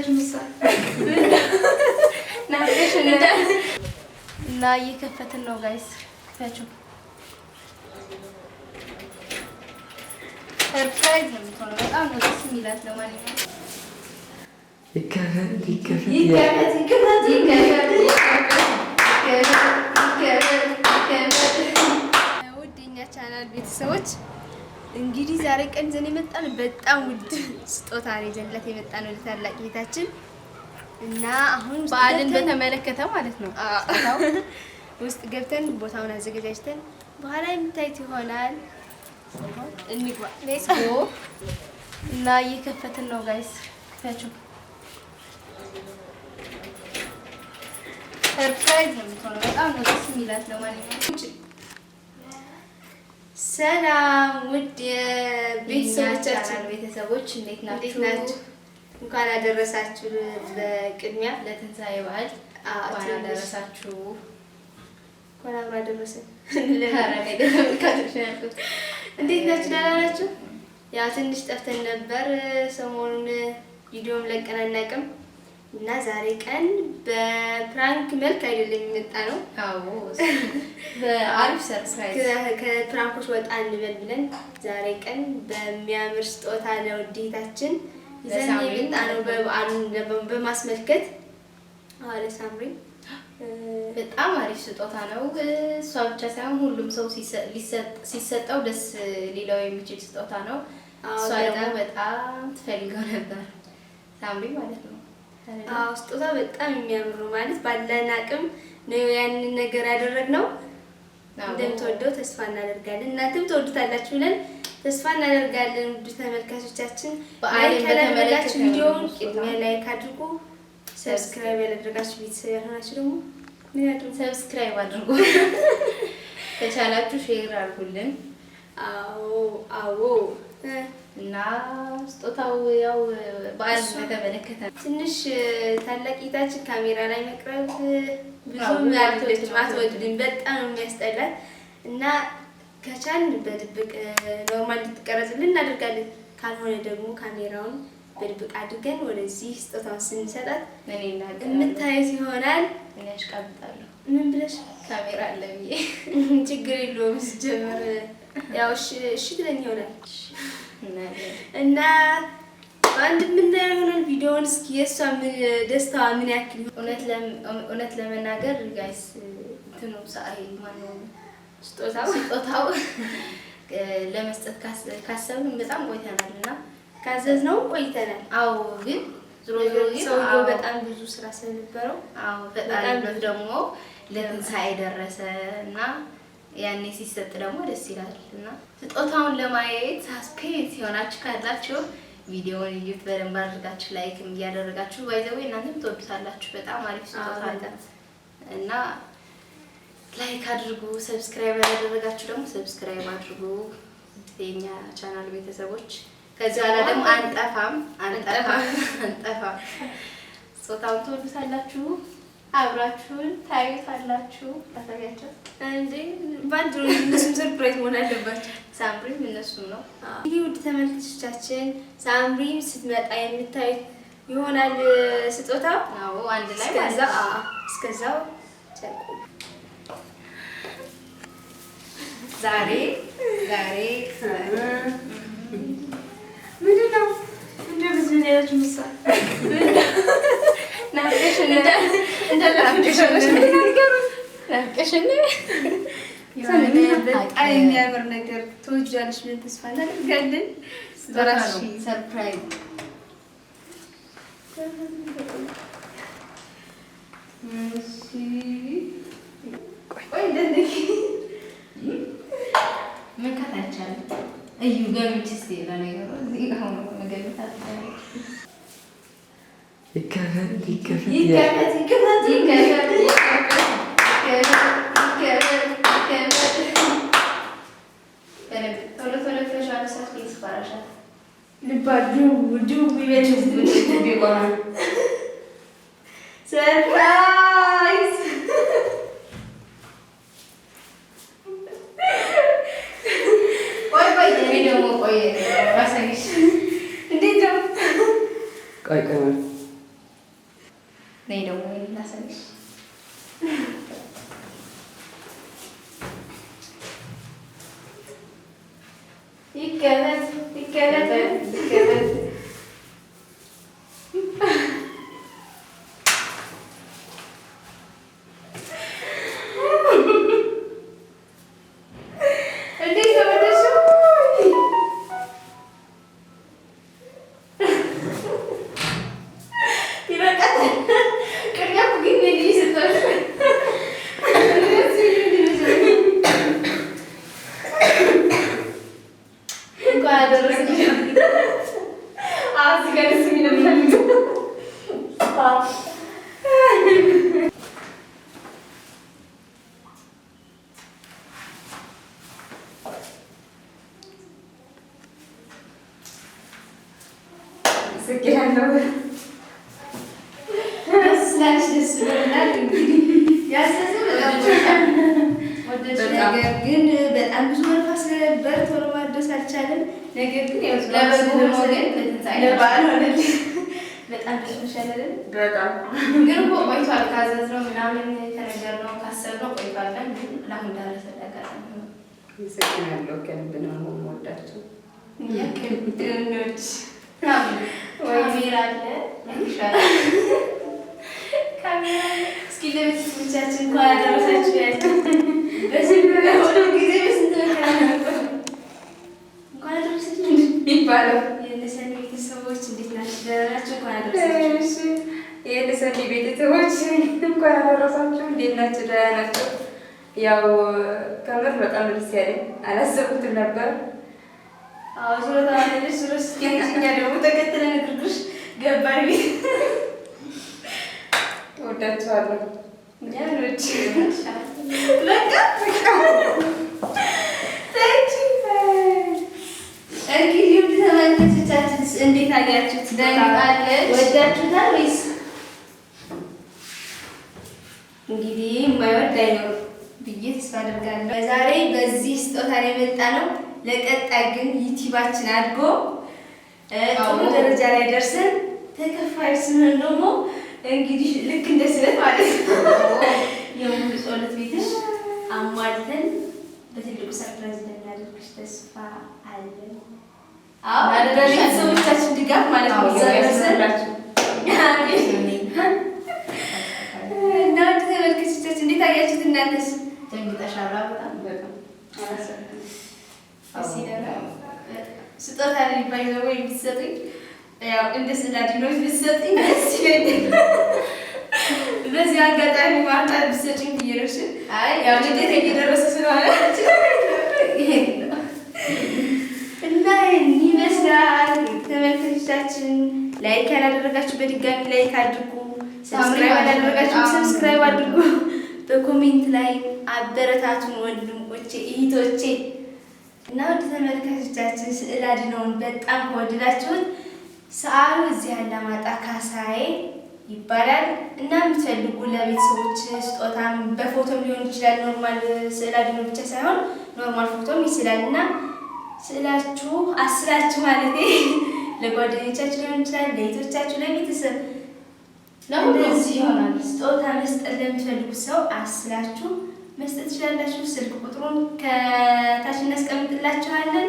እና እየከፈትን ነው ጋይስ ቸው ሰርፕራይዝ ነው የምትሆነው። በጣም ደስ የሚላት። ለማንኛውም ውድ የእኛ ቻናል ቤተሰቦች እንግዲህ ዛሬ ቀን ዘን የመጣን በጣም ውድ ስጦታ ነው ይዘንላት የመጣን ወደ ታላቅ ቤታችን እና አሁን በዓልን በተመለከተ ማለት ነው። ውስጥ ገብተን ቦታውን አዘገጃጅተን በኋላ የምታዩት ይሆናል። እንግባ ሌትስ ጎ እና እየከፈትን ነው ጋይስ ክፈችው። ሰርፕራይዝ ነው የምትሆነው። በጣም ነው ደስ የሚላት ለማንኛውም ሰላም ውድ የቤተሰቦቻችን ቤተሰቦች እንዴት ናችሁ? እንኳን አደረሳችሁ። በቅድሚያ ለትንሳኤ በዓል እንኳን አደረሳችሁ። እንኳን አብሮ አደረሰን። እንዴት ናችሁ? ደህና ናችሁ? ያ ትንሽ ጠፍተን ነበር። ሰሞኑን ቪዲዮም ለቀን አናውቅም። እና ዛሬ ቀን በፕራንክ መልክ አይደለም የሚመጣ ነው። በአሪፍ ሰርፕራይዝ ከፕራንኮች ወጣ እንበል ብለን ዛሬ ቀን በሚያምር ስጦታ ለውዴታችን ይዘን የመጣ ነው። በበዓሉን በማስመልከት አለ ሳምሪ በጣም አሪፍ ስጦታ ነው። እሷ ብቻ ሳይሆን ሁሉም ሰው ሲሰጠው ደስ ሊለው የሚችል ስጦታ ነው። እሷ ደግሞ በጣም ትፈልገው ነበር ሳምሪ ማለት ነው። ስጦታ በጣም የሚያምሩ ማለት ባለን አቅም ነው ያንን ነገር ያደረግነው። እንደምትወደው ተስፋ እናደርጋለን። እናንተም ትወዱታላችሁ ብለን ተስፋ እናደርጋለን። ውድ ተመልካቾቻችን ከላደረጋችሁ ቪዲዮውን ቅድሚያ ላይክ አድርጉ። ሰብስክራይብ ያላደረጋችሁ ቤተሰብ ያልሆናችሁ ደግሞ ምን ያድርጉ? ሰብስክራይብ አድርጉ። ተቻላችሁ ሼር አድርጉልን። አዎ አዎ እና ስጦታው ያው በዓል በተመለከተ ትንሽ ታላቂታችን ካሜራ ላይ መቅረብ ብዙም አልወደድም አትወድድም፣ በጣም ነው እና ከቻን በድብቅ ኖርማል እንድትቀረጽልን እናደርጋለን። ካልሆነ ደግሞ ካሜራውን በድብቅ አድርገን ወደዚህ ስጦታውን ስንሰጣት የምታየት ይሆናል። ያሽቃብጣሉ ምን ብለሽ ካሜራ አለ ብዬ ችግር የለውም ስጀምር ያው እሺ እሺ ትለኝ ይሆናል እና በአንድ ምን ይሆናል ቪዲዮውን። እስኪ የእሷ ደስታ ምን ያክል እውነት ለመናገር ጋይስ እንትኑ ሰአይ ማነው ስጦታው ስጦታው ለመስጠት ካሰብን በጣም ቆይተናል እና ካዘዝነው ቆይተናል። አዎ ግን ዝሮ ዝሮ ሰውዬው በጣም ብዙ ስራ ስለነበረው አዎ በጣም ደግሞ ለትንሳኤ ደረሰ እና ያኔ ሲሰጥ ደግሞ ደስ ይላል እና ስጦታውን ለማየት ሳስፔንስ የሆናችሁ ካላችሁ ቪዲዮውን እዩት በደንብ አድርጋችሁ ላይክ እያደረጋችሁ ባይዘዌ እናንተም ትወዱታላችሁ። በጣም አሪፍ ስጦታ አለ እና ላይክ አድርጉ። ሰብስክራይብ ያደረጋችሁ ደግሞ ሰብስክራይብ አድርጉ የኛ ቻናል ቤተሰቦች። ከዚህ በኋላ ደግሞ አንጠፋም አንጠፋም አንጠፋም። ስጦታውን ትወዱታላችሁ። አብራችሁን ታዩታላችሁ። ታሳያቸው እንዴ ባንድ ነው። እነሱም ሰርፕራይዝ መሆን አለባቸው። ሳምሪም እነሱም ነው። ይህ ውድ ተመልካቾቻችን ሳምሪም ስትመጣ የምታዩት ይሆናል ስጦታ። አንድ ላይ ከዛ እስከዛው ዛሬ ዛሬ ምንድን ነው እንደ ብዙ ሌሎች ምሳሌ ናሽ የሚያምር ነገር ትወጃለሽ ብለን ተስፋ እናደርጋለን። ሰርፕራይዝ መካት አይቻልም እዩ ገብቼ ይከፈት ይከፈት ይከፈት ይከፈት Dikkat et, dikkat et. ስላለሽ ደስ ብሎናል። ነገር ግን በጣም ብዙ መልፋ ስለነበር ቶሎ ማድረስ አልቻለም። ነገር ግን በጣም ደስ መሻለልን። ግን እኮ ቆይቷል። ካዘዝነው ምናምን ከነገርነው ካሰብነው ቆይቷል። ለአሁን ዳረሰ ነገር ይሰግናለሁ ከልብ ነው የምወዳቸው ኖች ሚራ አለ እስኪ ለቤተሰቦቻችን እንኳን አደረሳችሁ። ያለው ጊዜ በስንት እንኳን አደረሳችሁ ይባላል። የነሰኒ ቤተሰቦች እንዴት ናችሁ? ደህና ናችሁ? እንኳን አደረሳችሁ። የነሰኒ ቤተሰቦች እንኳን አደረሳችሁ። እንዴት ናችሁ? ደህና ናችሁ? ያው ከምር በጣም ደስ ያለኝ አላሰብኩትም ነበር። አዎ ዞሮ ታዲያ ልጅ ዞሮ ደግሞ ተከትለን ግርግርሽ ገባን ቤት ወዳቸዋለሁ። እንግዲህ ተመልካቾቻችን እንዴት አያችሁት? ወዳችሁታል ወይስ እንግዲህ የማይወድ አይኖርም ብዬ ተስፋ አድርጋለሁ። ዛሬ በዚህ ስጦታ ላይ የመጣ ነው። ለቀጣይ ግን ዩቲዩባችን አድጎ ጥሩ ደረጃ ላይ ደርሰን ተከፋዮች ስንሆን ደግሞ እንግዲህ ልክ እንደ ስለት ማለት ነው የሙሉ ጸሎት ቤትሽ አሟልተን በትልቁ ሰርፕራይዝ እንደምናደርግሽ ተስፋ አለን። ቤተሰቦቻችን ድጋፍ ማለት ነው እና ተመልካቾቻችን እንዴት አያችሁት? እናንተስ ደንግጠሻል? ስጦታ የሚባለው የሚሰጡኝ ያው እንደስ እንዳዲኖች ብትሰጥኝ ደስ ይለኛል። በዚህ አጋጣሚ ማርታ ብትሰጪኝ ብዬሽ ነው። ያው ልደት እየደረሰ ስለሆነ እና ይመስላል። ተመልካቾቻችን ላይክ ያላደረጋችሁ በድጋሚ ላይክ አድርጉ፣ ሰብስክራይብ ያላደረጋችሁ ሰብስክራይብ አድርጉ። በኮሜንት ላይ አበረታቱን ወንድሞቼ እህቶቼ እና ወደ ተመልካቾቻችን ስዕል አድነውን በጣም ከወደዳችሁት ሰዓሉ እዚህ አላማጣ ካሳዬ ይባላል እና የምትፈልጉ ለቤተሰቦች ስጦታ በፎቶም ሊሆን ይችላል። ኖርማል ስዕል አድኖ ብቻ ሳይሆን ኖርማል ፎቶም ይችላል እና ስዕላችሁ አስላችሁ ማለት ለጓደኞቻችሁ ሊሆን ይችላል፣ ለቤቶቻችሁ፣ ለቤተሰብ ለዚህ ይሆናል። ስጦታ መስጠት ለምትፈልጉ ሰው አስላችሁ መስጠት ትችላላችሁ። ስልክ ቁጥሩን ከታች እናስቀምጥላችኋለን።